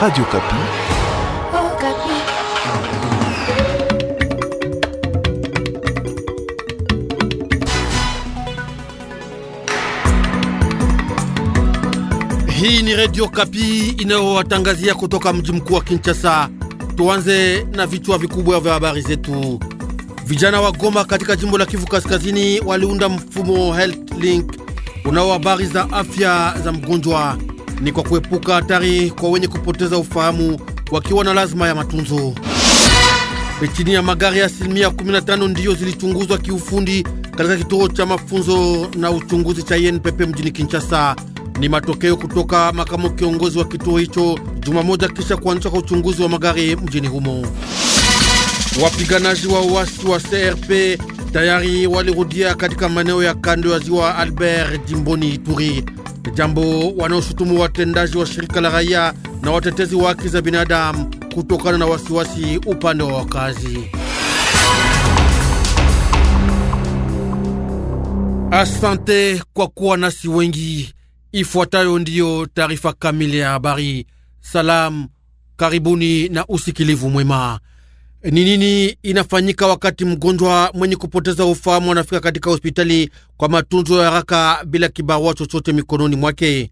Radio Kapi. Oh, Kapi. Hii ni Radio Kapi inayowatangazia kutoka mji mkuu wa Kinshasa. Tuanze na vichwa vikubwa vya habari zetu. Vijana wa Goma katika jimbo la Kivu Kaskazini waliunda mfumo Health Link unao habari za afya za mgonjwa ni kwa kuepuka hatari kwa wenye kupoteza ufahamu wakiwa na lazima ya matunzo. Chini ya magari asilimia 15 ndiyo zilichunguzwa kiufundi katika kituo cha mafunzo na uchunguzi cha INPP mjini Kinshasa. Ni matokeo kutoka makamu kiongozi wa kituo hicho juma moja kisha kuanzishwa kwa uchunguzi wa magari mjini humo. Wapiganaji wa uasi wa CRP tayari walirudia katika maeneo ya kando ya ziwa Albert jimboni Ituri jambo wanaoshutumu watendaji wa shirika la raia na watetezi wa haki za binadamu kutokana na wasiwasi upande wa wakazi. Asante kwa kuwa nasi wengi. Ifuatayo ndiyo taarifa kamili ya habari. Salamu, karibuni na usikilivu mwema. Ni nini inafanyika wakati mgonjwa mwenye kupoteza ufahamu anafika katika hospitali kwa matunzo ya haraka bila kibarua chochote mikononi mwake?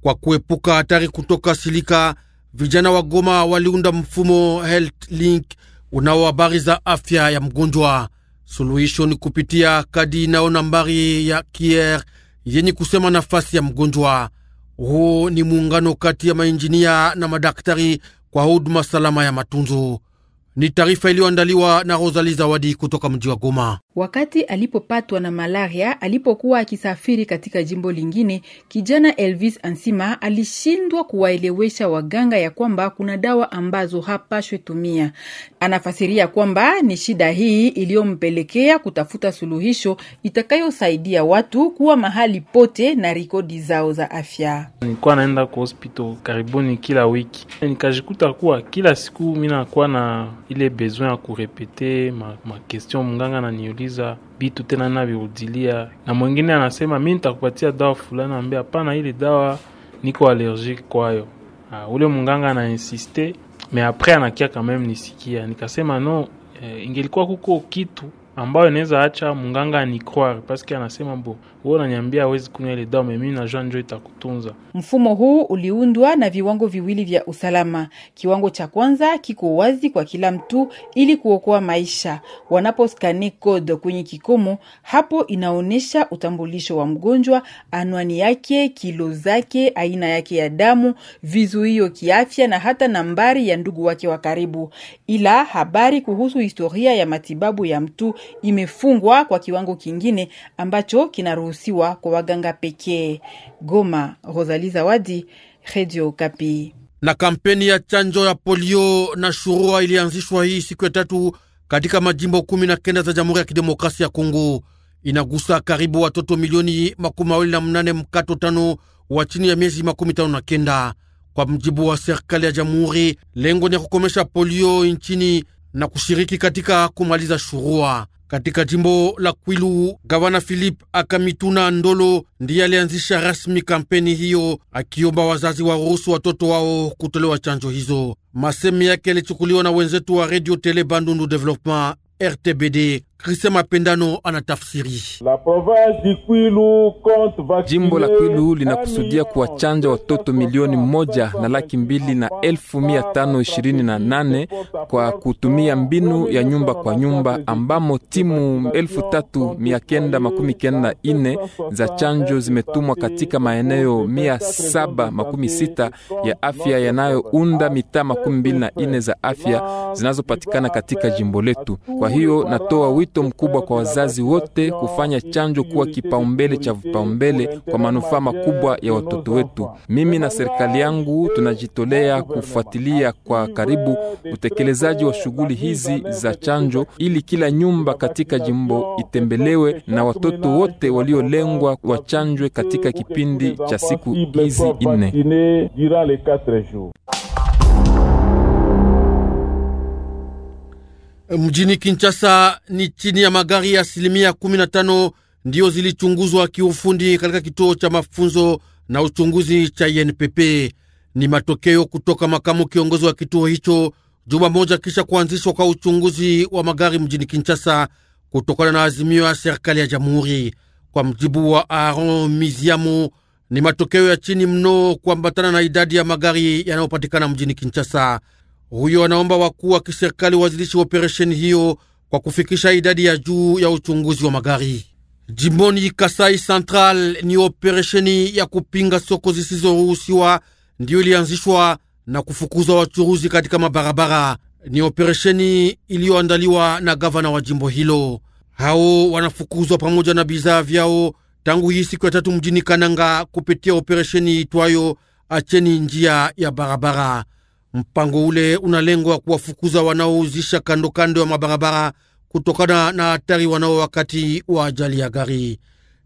Kwa kuepuka hatari kutoka silika, vijana wa Goma waliunda mfumo Health Link unao habari za afya ya mgonjwa. Suluhisho ni kupitia kadi inayo nambari ya kier yenye kusema nafasi ya mgonjwa. Huu ni muungano kati ya mainjinia na madaktari kwa huduma salama ya matunzo. Ni taarifa iliyoandaliwa na Rosali Zawadi kutoka mji wa Goma. Wakati alipopatwa na malaria alipokuwa akisafiri katika jimbo lingine, kijana Elvis Ansima alishindwa kuwaelewesha waganga ya kwamba kuna dawa ambazo hapashwe tumia. Anafasiria kwamba ni shida hii iliyompelekea kutafuta suluhisho itakayosaidia watu kuwa mahali pote na rekodi zao za afya. Nilikuwa naenda kwa hospital karibuni kila wiki, nikajikuta kuwa kila siku mi nakuwa na ile besoin ya kurepete ma, ma question munganga ananiuliza bitu tena navirudilia, na mwingine anasema mi nitakupatia dawa fulani, ambe hapana, ile dawa niko allergique kwayo. Uh, ule munganga anainsiste me apres anakia kameme nisikia, nikasema no eh, ingelikuwa kuko kitu ambayo inaweza acha munganga anicroire paske anasema bo wewe unaniambia hawezi kunywa ile dawa, mimi najua njo itakutunza. Mfumo huu uliundwa na viwango viwili vya usalama. Kiwango cha kwanza kiko wazi kwa kila mtu ili kuokoa maisha. Wanaposkani kodo kwenye kikomo, hapo inaonyesha utambulisho wa mgonjwa, anwani yake, kilo zake, aina yake ya damu, vizuio kiafya na hata nambari ya ndugu wake wa karibu. Ila habari kuhusu historia ya matibabu ya mtu imefungwa kwa kiwango kingine ambacho kinaruhusu kuruhusiwa kwa waganga pekee. Goma, Rosali Zawadi, Redio Kapi. Na kampeni ya chanjo ya polio na shurua ilianzishwa hii siku ya tatu katika majimbo kumi na kenda za Jamhuri ya Kidemokrasia ya Kongo. Inagusa karibu watoto milioni makumi mawili na mnane mkato tano wa chini ya miezi makumi tano na kenda. Kwa mjibu wa serikali ya jamhuri, lengo ni ya kukomesha polio nchini na kushiriki katika kumaliza shurua katika jimbo la Kwilu. Gavana Philip Akamituna Ndolo ndiye alianzisha rasmi kampeni hiyo, akiomba wazazi waruhusu watoto wao kutolewa chanjo hizo. Masemi yake yalichukuliwa na wenzetu wa Radio Tele Bandundu Development RTBD Christian Mapendano anatafsiri. Jimbo la Kwilu linakusudia kuwachanja watoto milioni moja na laki mbili na elfu mia tano ishirini na nane kwa kutumia mbinu ya nyumba kwa nyumba, ambamo timu elfu tatu mia kenda makumi kenda ine za chanjo zimetumwa katika maeneo mia saba makumi sita ya afya yanayounda mitaa makumi mbili na ine za afya zinazopatikana katika jimbo letu. Kwa hiyo natoa wito mkubwa kwa wazazi wote kufanya chanjo kuwa kipaumbele cha vipaumbele kwa manufaa makubwa ya watoto wetu. Mimi na serikali yangu tunajitolea kufuatilia kwa karibu utekelezaji wa shughuli hizi za chanjo, ili kila nyumba katika jimbo itembelewe na watoto wote waliolengwa wachanjwe katika kipindi cha siku hizi nne. mjini Kinshasa ni chini ya magari ya asilimia 15 ndiyo zilichunguzwa kiufundi katika kituo cha mafunzo na uchunguzi cha INPP. Ni matokeo kutoka makamu kiongozi wa kituo hicho juma moja kisha kuanzishwa kwa uchunguzi wa magari mjini Kinshasa kutokana na azimio ya serikali ya jamhuri. Kwa mjibu wa Aaron Miziamu, ni matokeo ya chini mno kuambatana na idadi ya magari yanayopatikana mjini Kinshasa huyo anaomba wakuu wa kiserikali wazilishi operesheni hiyo kwa kufikisha idadi ya juu ya uchunguzi wa magari jimboni Kasai Central. Ni operesheni ya kupinga soko zisizoruhusiwa ndiyo ilianzishwa na kufukuzwa wachuruzi katika mabarabara. Ni operesheni iliyoandaliwa na gavana wa jimbo hilo. Hao wanafukuzwa pamoja na bidhaa vyao tangu hii siku ya tatu mjini Kananga kupitia operesheni itwayo acheni njia ya barabara. Mpango ule una lengo ya kuwafukuza wanaouzisha kandokando ya mabarabara kutokana na hatari wanao wakati wa ajali ya gari.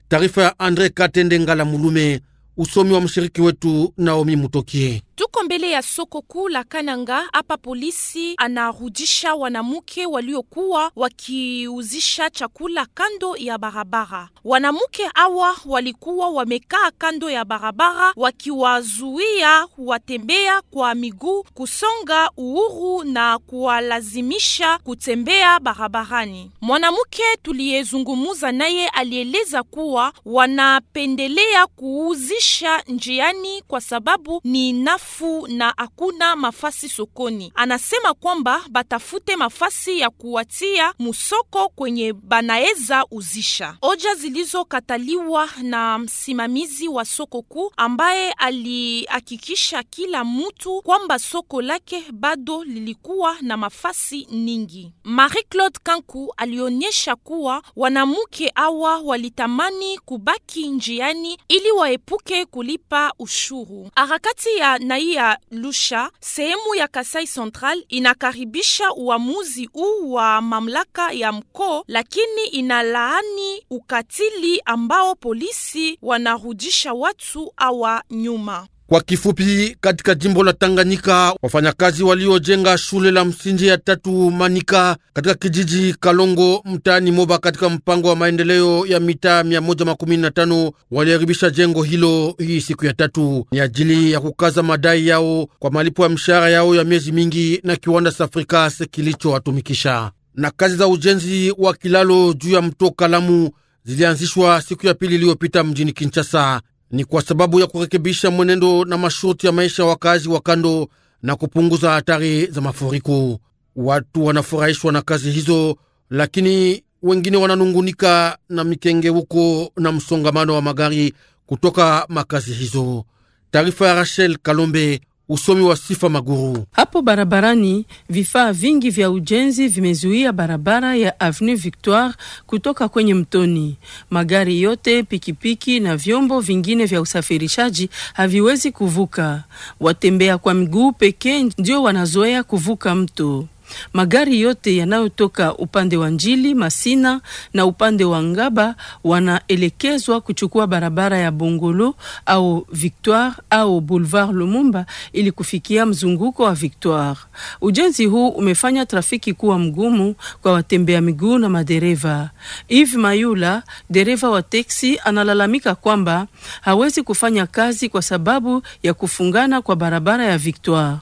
Taarifa ya Andre Katende Ngala Mulume, usomi wa mshiriki wetu Naomi Mutokie. Tuko mbele ya soko kuu la Kananga. Hapa polisi anarudisha wanamke waliokuwa wakiuzisha chakula kando ya barabara. Wanamke hawa walikuwa wamekaa kando ya barabara, wakiwazuia watembea kwa miguu kusonga uhuru na kuwalazimisha kutembea barabarani. Mwanamke tuliyezungumuza naye alieleza kuwa wanapendelea kuuzisha njiani kwa sababu ni chafu na hakuna mafasi sokoni. Anasema kwamba batafute mafasi ya kuwatia musoko kwenye banaeza uzisha. Hoja zilizokataliwa na msimamizi wa soko kuu ambaye alihakikisha kila mtu kwamba soko lake bado lilikuwa na mafasi ningi Marie Claude Kanku alionyesha kuwa wanamke hawa walitamani kubaki njiani ili waepuke kulipa ushuru. Harakati ya na ya Lusha, sehemu ya Kasai Central inakaribisha uamuzi huu wa mamlaka ya mkoo, lakini inalaani ukatili ambao polisi wanarudisha watu awa nyuma. Kwa kifupi, katika jimbo la Tanganyika, wafanyakazi waliojenga shule la msingi ya tatu Manika katika kijiji Kalongo mtaani Moba katika mpango wa maendeleo ya mitaa 115 waliharibisha jengo hilo hii siku ya tatu, ni ajili ya kukaza madai yao kwa malipo ya mshahara yao ya miezi mingi na kiwanda Safrikas kilichowatumikisha. Na kazi za ujenzi wa kilalo juu ya mto Kalamu zilianzishwa siku ya pili iliyopita mjini Kinshasa ni kwa sababu ya kurekebisha mwenendo na masharti ya maisha ya wakazi wa kando na kupunguza hatari za mafuriko. Watu wanafurahishwa na kazi hizo, lakini wengine wananungunika na mikengeuko na msongamano wa magari kutoka makazi hizo. Taarifa ya Rachel Kalombe usomi wa sifa maguru hapo barabarani. Vifaa vingi vya ujenzi vimezuia barabara ya Avenue Victoire kutoka kwenye mtoni. Magari yote, pikipiki na vyombo vingine vya usafirishaji haviwezi kuvuka. Watembea kwa miguu pekee ndio wanazoea kuvuka mto. Magari yote yanayotoka upande wa Njili, Masina na upande wa Ngaba wanaelekezwa kuchukua barabara ya Bongolo au Victoire au Boulevard Lumumba ili kufikia mzunguko wa Victoire. Ujenzi huu umefanya trafiki kuwa mgumu kwa watembea miguu na madereva. Eve Mayula, dereva wa teksi, analalamika kwamba hawezi kufanya kazi kwa sababu ya kufungana kwa barabara ya Victoire.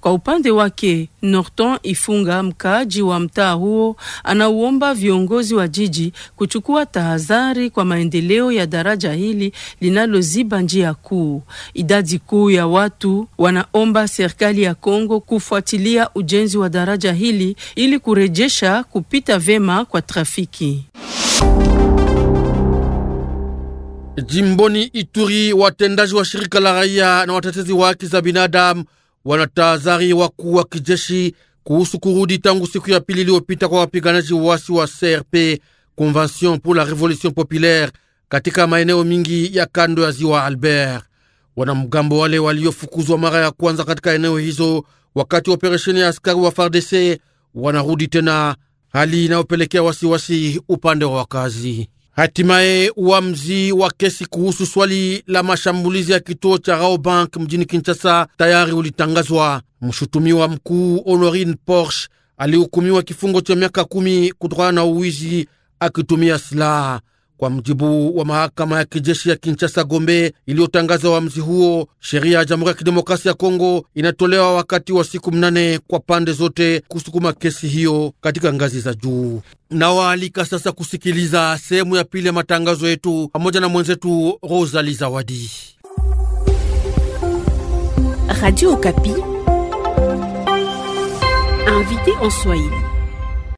Kwa upande wake Norton Ifunga, mkaaji wa mtaa huo, anauomba viongozi wa jiji kuchukua tahadhari kwa maendeleo ya daraja hili linaloziba njia kuu. Idadi kuu ya watu wanaomba serikali ya Kongo kufuatilia ujenzi wa daraja hili ili kurejesha kupita vema kwa trafiki. Jimboni Ituri, watendaji wa shirika la raia na watetezi wa haki za binadamu wanatahadhari wakuu wa kijeshi kuhusu kurudi tangu siku ya pili iliyopita kwa wapiganaji wasi wa CRP Convention pour la Revolution Populaire katika maeneo mingi ya kando ya ziwa Albert. Wanamgambo wale waliofukuzwa mara ya kwanza katika eneo hizo wakati wa operesheni ya askari wa FARDC wanarudi tena, hali inayopelekea wasiwasi upande wa wakazi. Hatimaye uamuzi wa kesi kuhusu swali la mashambulizi ya kituo cha Raobank mjini Kinshasa tayari ulitangazwa. Mshutumiwa mkuu Honorine Porsche alihukumiwa kifungo cha miaka kumi kutokana na uwizi akitumia silaha. Kwa mjibu wa mahakama ya kijeshi ya Kinshasa Gombe iliyotangaza uamuzi huo, sheria ya Jamhuri ya Kidemokrasia ya Kongo inatolewa wakati wa siku mnane kwa pande zote kusukuma kesi hiyo katika ngazi za juu. Nawaalika sasa kusikiliza sehemu ya pili ya matangazo yetu pamoja na mwenzetu Rosali Zawadi. Radio Okapi, invité en Swahili.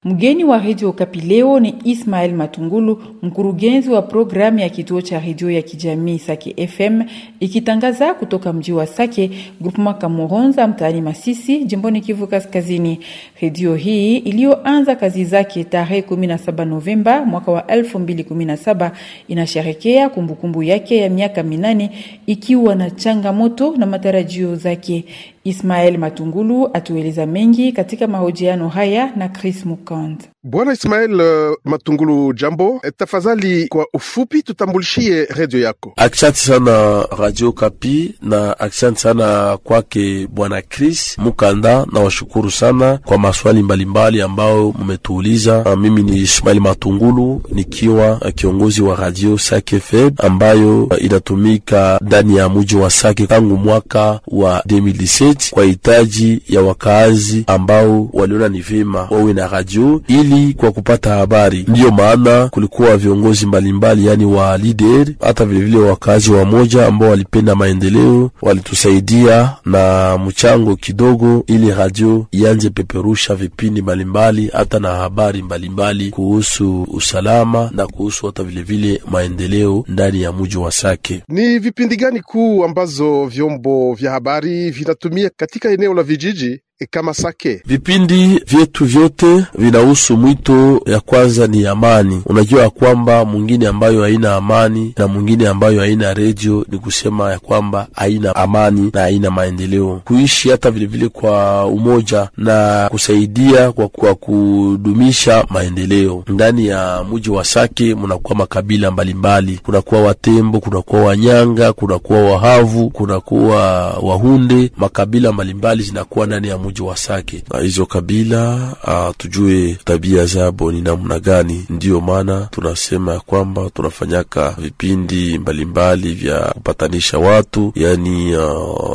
Mgeni wa redio Kapi leo ni Ismael Matungulu, mkurugenzi wa programu ya kituo cha redio ya kijamii Sake FM ikitangaza kutoka mji wa Sake, grupema Kamuronza, mtaani Masisi, jimboni Kivu Kaskazini. Redio hii iliyoanza kazi zake tarehe 17 Novemba mwaka wa 2017 inasherekea kumbukumbu yake ya miaka minane ikiwa na changamoto na matarajio zake. Ismael Matungulu atueleza mengi katika mahojiano haya na Chris Mukand. Bwana Ismael uh, Matungulu, jambo. Eh, tafadhali kwa ufupi tutambulishie redio yako. Aksanti sana Radio Kapi na aksanti sana kwake Bwana Chris Mukanda, na washukuru sana kwa maswali mbalimbali ambayo mmetuuliza. Ah, mimi ni Ismael Matungulu nikiwa eh, kiongozi wa Radio Sake FM ambayo eh, inatumika ndani ya muji wa Sake tangu mwaka wa 2017 kwa hitaji ya wakaazi ambao waliona ni vema wawe na radio ili mbili kwa kupata habari. Ndiyo maana kulikuwa viongozi mbalimbali, yani wa leader, hata vilevile wakazi wa moja ambao walipenda maendeleo, walitusaidia na mchango kidogo, ili radio ianze peperusha vipindi mbalimbali, hata na habari mbalimbali kuhusu usalama na kuhusu hata vilevile maendeleo ndani ya mji wa Sake. Ni vipindi gani kuu ambazo vyombo vya habari vinatumia katika eneo la vijiji? E kama sake. Vipindi vyetu vyote vinahusu mwito ya kwanza ni amani. Unajua ya kwamba mwingine ambayo haina amani na mwingine ambayo haina redio, ni kusema ya kwamba haina amani na haina maendeleo, kuishi hata vilevile kwa umoja na kusaidia kwa, kwa kudumisha maendeleo ndani ya mji wa Sake. Mnakuwa makabila mbalimbali, kunakuwa Watembo, kunakuwa Wanyanga, kunakuwa Wahavu, kunakuwa Wahunde, makabila mbalimbali zinakuwa ndani ya mji muji wa Sake na hizo kabila a, ah, tujue tabia zabo ni namna gani. Ndiyo maana tunasema ya kwamba tunafanyaka vipindi mbalimbali mbali vya kupatanisha watu, yani uh,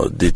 ah, de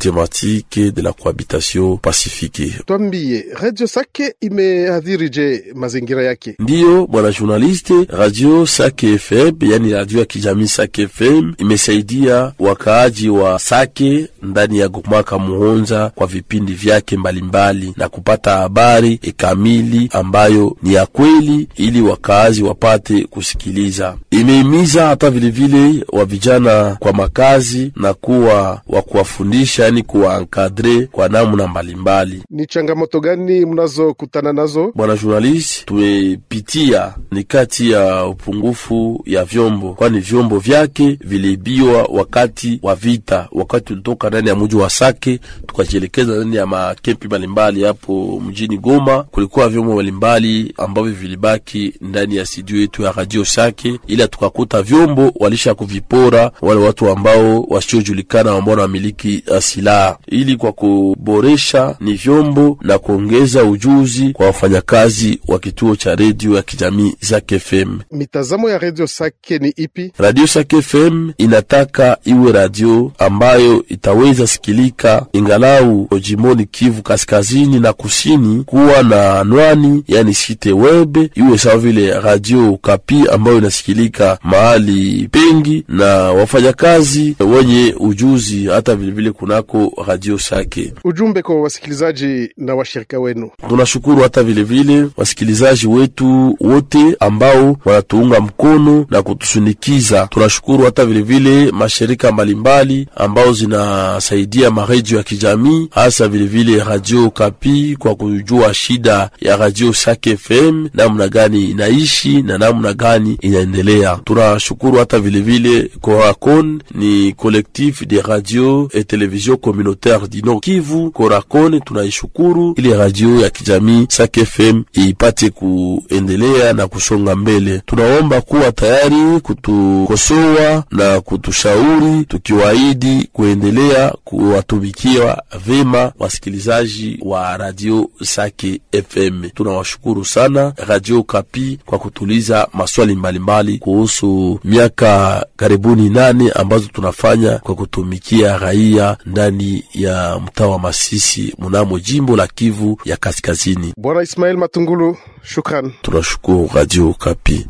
de la cohabitation pacifique. Twambie Radio Sake imeadhirije mazingira yake? Ndiyo bwana journaliste, Radio Sake FM yani radio ya kijamii Sake FM imesaidia wakaaji wa Sake ndani ya mwaka Muhonza kwa vipindi vyake mbali mbalimbali mbali, na kupata habari e kamili ambayo ni ya kweli ili wakaazi wapate kusikiliza. Imehimiza hata vilevile wa vijana kwa makazi na kuwa wa kuwafundisha, yani kuwaankadre kwa namna mbalimbali. Ni changamoto gani mnazokutana nazo, bwana journalist? Tumepitia ni kati ya upungufu ya vyombo, kwani vyombo vyake viliibiwa wakati wa vita, wakati tulitoka ndani ya mji wa Sake tukajielekeza ndani ya make mapipi mbalimbali hapo mjini Goma. Kulikuwa vyombo mbalimbali ambavyo vilibaki ndani ya studio yetu ya Radio sake ila tukakuta vyombo walisha kuvipora wale watu ambao wasiojulikana ambao wanamiliki uh, silaha. Ili kwa kuboresha ni vyombo na kuongeza ujuzi kwa wafanyakazi wa kituo cha redio ya kijamii Zake FM. Mitazamo ya Radio Sake ni ipi? Radio Sake FM inataka iwe radio ambayo itaweza sikilika ingalau jimboni Kivu kaskazini na kusini kuwa na anwani yani site web iwe sawa vile Radio Kapi ambayo inasikilika mahali pengi na wafanyakazi wenye ujuzi hata vilevile kunako Radio Sake. Ujumbe kwa wasikilizaji na washirika wenu, tunashukuru hata vilevile vile wasikilizaji wetu wote ambao wanatuunga mkono na kutusunikiza. Tunashukuru hata vilevile vile mashirika mbalimbali ambao zinasaidia maredio ya kijamii hasa vilevile Radio Kapi kwa kujua shida ya Radio Sake FM namna gani inaishi na namna gani inaendelea. Tunashukuru hata vilevile Coracon, ni collectif de radio et television communautaire du Nord Kivu. Coracon tunaishukuru ili radio ya kijamii Sake FM ipate kuendelea na kusonga mbele. Tunaomba kuwa tayari kutukosoa na kutushauri, tukiwaahidi kuendelea kuwatumikia vema wasikilizaji wasikilizaji wa radio Sake FM. Tunawashukuru sana Radio Kapi kwa kutuliza maswali mbalimbali kuhusu miaka karibuni nane ambazo tunafanya kwa kutumikia raia ndani ya mtaa wa Masisi mnamo jimbo la Kivu ya Kaskazini. Bwana Ismail Matungulu, shukran. Tunashukuru Radio Kapi.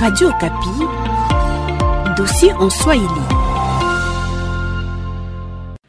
Radio Kapi, dossier en Swahili.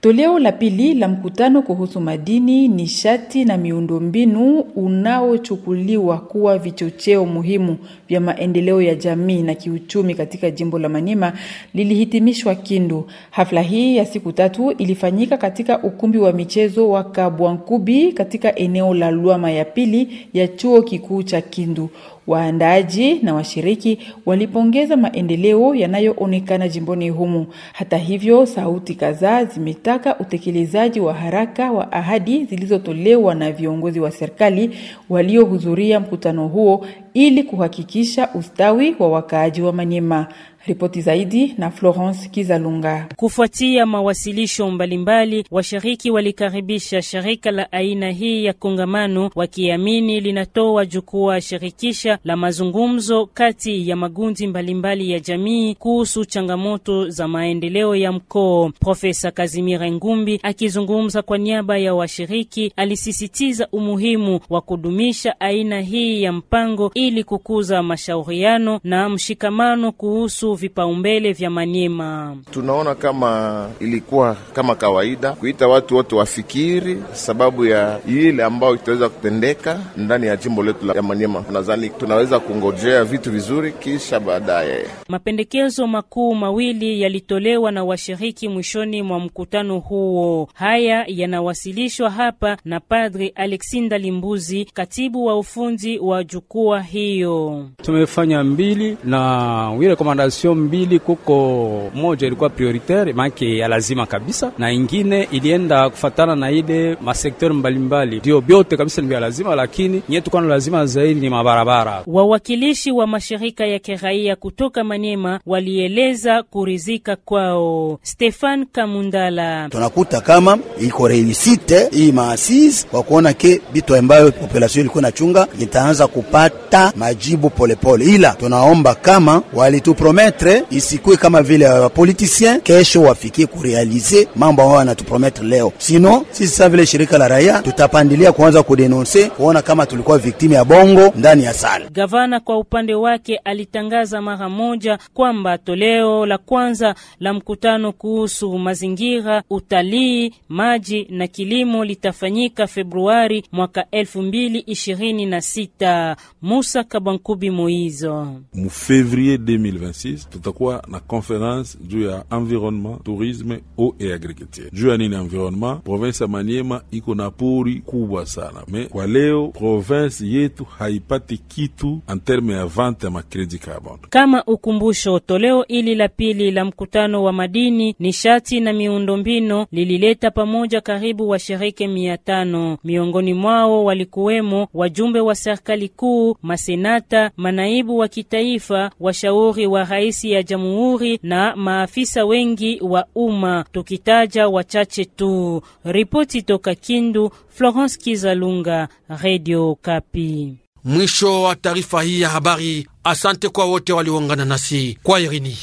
Toleo la pili la mkutano kuhusu madini, nishati na miundombinu unaochukuliwa kuwa vichocheo muhimu vya maendeleo ya jamii na kiuchumi katika jimbo la Maniema lilihitimishwa Kindu. Hafla hii ya siku tatu ilifanyika katika ukumbi wa michezo wa Kabwankubi katika eneo la Lwama ya pili ya chuo kikuu cha Kindu. Waandaaji na washiriki walipongeza maendeleo yanayoonekana jimboni humu. Hata hivyo, sauti kadhaa zimetaka utekelezaji wa haraka wa ahadi zilizotolewa na viongozi wa serikali waliohudhuria mkutano huo ili kuhakikisha ustawi wa wakaaji wa Manyema. Ripoti zaidi na Florence Kizalunga. Kufuatia mawasilisho mbalimbali, washiriki walikaribisha shirika la aina hii ya kongamano, wakiamini linatoa jukwaa shirikisha la mazungumzo kati ya magundi mbalimbali ya jamii kuhusu changamoto za maendeleo ya mkoo. Profesa Kazimira Ngumbi akizungumza kwa niaba ya washiriki alisisitiza umuhimu wa kudumisha aina hii ya mpango ili kukuza mashauriano na mshikamano kuhusu vipaumbele vya Maniema. Tunaona kama ilikuwa kama kawaida kuita watu wote wafikiri sababu ya ile ambayo itaweza kutendeka ndani ya jimbo letu la Maniema. Nadhani tunaweza kungojea vitu vizuri, kisha baadaye. Mapendekezo makuu mawili yalitolewa na washiriki mwishoni mwa mkutano huo. Haya yanawasilishwa hapa na Padri Alexinda Limbuzi, katibu wa ufundi wa jukwaa hiyo. Tumefanya mbili na ile komandasi option mbili, kuko moja ilikuwa prioritaire make ya lazima kabisa, na ingine ilienda kufatana na ile masekter mbalimbali, ndio byote kabisa ni vya lazima, lakini nyetu tukana lazima zaidi ni mabarabara. Wawakilishi wa mashirika ya kiraia kutoka Maniema walieleza kurizika kwao. Stefan Kamundala: tunakuta kama iko reusite hii maasis kwa kuona ke bito ambayo population ilikuwa inachunga itaanza kupata majibu polepole pole. Ila tunaomba kama walitupromete promettre isikuwe kama vile wapolitisien, euh, kesho wafikie kurealize mambo ambayo wanatuprometre leo. Sino sisi sa vile shirika la raia tutapandilia kuanza kudenonse, kuona kama tulikuwa viktimu ya bongo ndani ya sala. Gavana kwa upande wake alitangaza mara moja kwamba toleo la kwanza la mkutano kuhusu mazingira, utalii, maji na kilimo litafanyika Februari mwaka 2026. Musa Kabankubi Moizo mu fevrier 2026 hizi tutakuwa na conference juu ya environment, tourisme, eau et agriculture. Juu ya nini environment? Province ya Maniema iko na pori kubwa sana, me kwa leo province yetu haipati kitu en terme ya vente ya makredi carbon. Kama ukumbusho, toleo ili la pili la mkutano wa madini, nishati na miundombinu lilileta pamoja karibu washiriki mia tano. Miongoni mwao walikuwemo wajumbe wa serikali kuu, masenata, manaibu wa kitaifa, washauri wa rais polisi ya jamhuri na maafisa wengi wa umma, tukitaja wachache tu. Ripoti toka Kindu, Florence Kizalunga, Radio Kapi. Mwisho wa taarifa hii ya habari. Asante kwa wote waliongana nasi kwa irini.